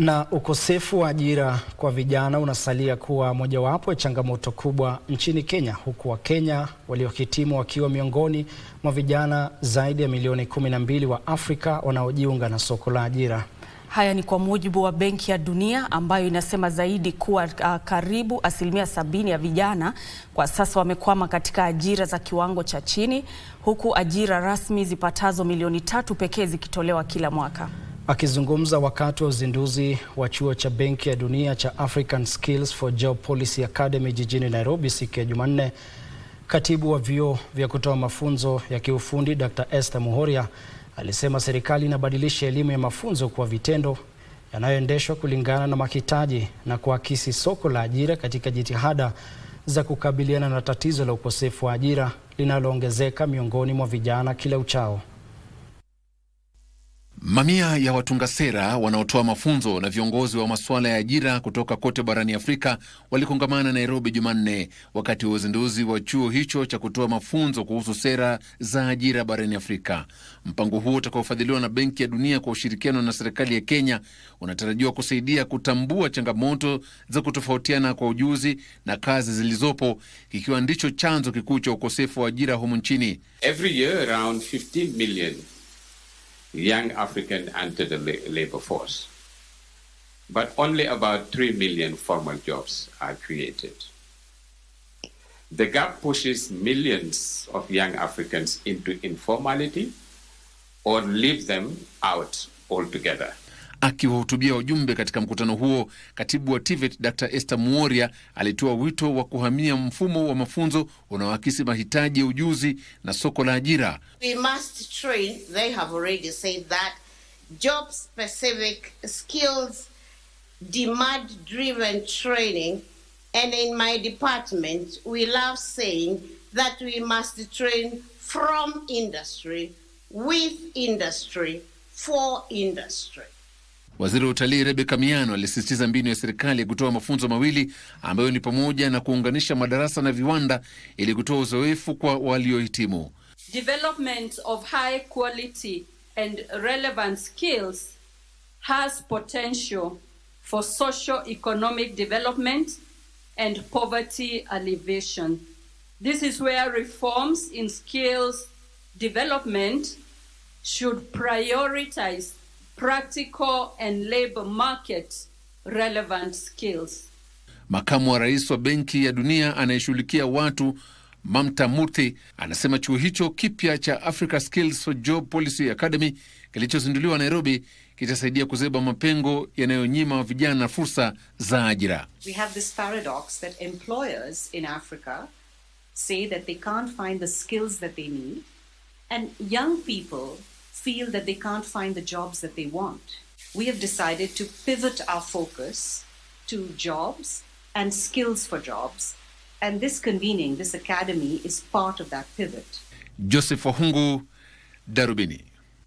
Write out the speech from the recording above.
Na ukosefu wa ajira kwa vijana unasalia kuwa mojawapo ya changamoto kubwa nchini Kenya, huku Wakenya waliohitimu wakiwa miongoni mwa vijana zaidi ya milioni mbili wa Afrika wanaojiunga na soko la ajira. Haya ni kwa mujibu wa Benki ya Dunia ambayo inasema zaidi kuwa uh, karibu asilimia sabini ya vijana kwa sasa wamekwama katika ajira za kiwango cha chini, huku ajira rasmi zipatazo milioni tatu pekee zikitolewa kila mwaka. Akizungumza wakati wa uzinduzi wa chuo cha Benki ya Dunia cha African Skills for Policy Academy jijini Nairobi siku ya Jumanne, katibu wa vyuo vya kutoa mafunzo ya kiufundi Dr. Esther Muhoria alisema serikali inabadilisha elimu ya mafunzo kuwa vitendo yanayoendeshwa kulingana na mahitaji na kuakisi soko la ajira katika jitihada za kukabiliana na tatizo la ukosefu wa ajira linaloongezeka miongoni mwa vijana kila uchao. Mamia ya watunga sera wanaotoa mafunzo na viongozi wa masuala ya ajira kutoka kote barani Afrika walikongamana Nairobi Jumanne wakati wa uzinduzi wa chuo hicho cha kutoa mafunzo kuhusu sera za ajira barani Afrika. Mpango huo utakaofadhiliwa na Benki ya Dunia kwa ushirikiano na serikali ya Kenya unatarajiwa kusaidia kutambua changamoto za kutofautiana kwa ujuzi na kazi zilizopo, kikiwa ndicho chanzo kikuu cha ukosefu wa ajira humu nchini. Every year around 15 million young African enter the labor force. But only about 3 million formal jobs are created. The gap pushes millions of young Africans into informality or leaves them out altogether. Akiwahutubia wajumbe katika mkutano huo, katibu wa TVET Dr Esther Muoria alitoa wito wa kuhamia mfumo wa mafunzo unaoakisi mahitaji ya ujuzi na soko la ajira. We must train, they have already said that job specific skills demand driven training and in my department we love saying that we must train from industry with industry for industry. Waziri wa Utalii Rebecca Miano alisisitiza mbinu ya serikali ya kutoa mafunzo mawili ambayo ni pamoja na kuunganisha madarasa na viwanda ili kutoa uzoefu kwa waliohitimu. Development of high quality and relevant skills has potential for socio-economic development and poverty alleviation. This is where reforms in skills development should prioritize practical and labor market relevant skills. Makamu wa rais wa Benki ya Dunia anayeshughulikia watu Mamta Murthy anasema chuo hicho kipya cha Africa Skills for Job Policy Academy kilichozinduliwa Nairobi kitasaidia kuzeba mapengo yanayonyima vijana fursa za ajira. We have this paradox that employers in Africa say that they can't find the skills that they need and young people feel that they can't find the jobs that they want. We have decided to pivot our focus to jobs and skills for jobs. And this convening, this academy, is part of that pivot. Joseph Ohungu, Darubini.